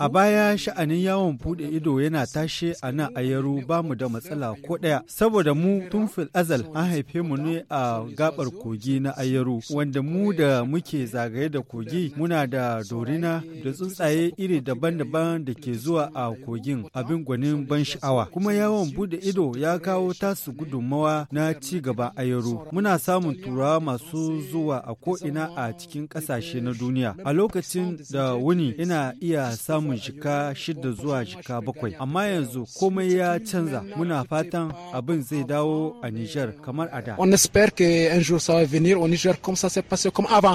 A baya sha'anin yawon buɗe ido yana tashe a nan a yaro ba mu da matsala ko ɗaya. Saboda mu tun fil azal an haife mu ne a gabar kogi na ayaro wanda mu da muke zagaye da kogi muna da dorina da tsuntsaye iri daban-daban da ke zuwa a kogin abin gwanin ban sha'awa. Kuma yawon buɗe ido ya kawo tasu gudunmawa na ci gaba ayaro. Muna samun turawa masu zuwa a ko'ina a cikin ƙasashe na duniya. A lokacin da wuni ina iya samun jika shida zuwa jika bakwai. Amma yanzu komai ya canza muna fatan abin zai dawo a Nijar kamar a da. On espère que un jour ça va venir au Niger comme ça s'est passé comme avant.